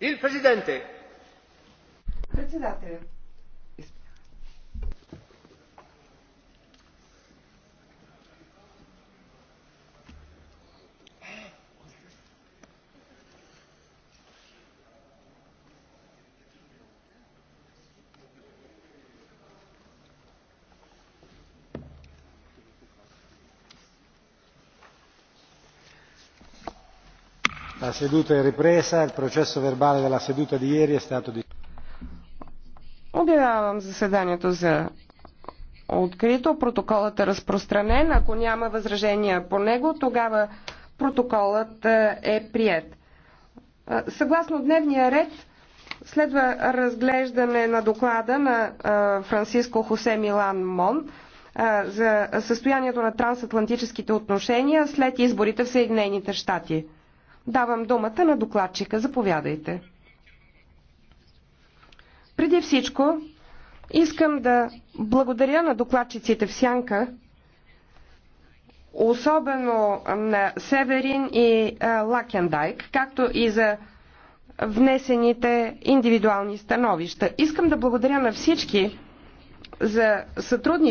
Il Presidente. Председателя. La seduta è ripresa. Il processo verbale della seduta di ieri è stato Обявявам заседанието за открито. Протоколът е разпространен. Ако няма възражения по него, тогава протоколът е, е прият. Съгласно дневния ред, следва разглеждане на доклада на Франциско Хосе Милан Мон за състоянието на трансатлантическите отношения след изборите в Съединените щати. Давам думата на докладчика. Заповядайте. Преди всичко, искам да благодаря на докладчиците в Сянка, особено на Северин и Лакендайк, както и за внесените индивидуални становища. Искам да благодаря на всички за сътрудничеството.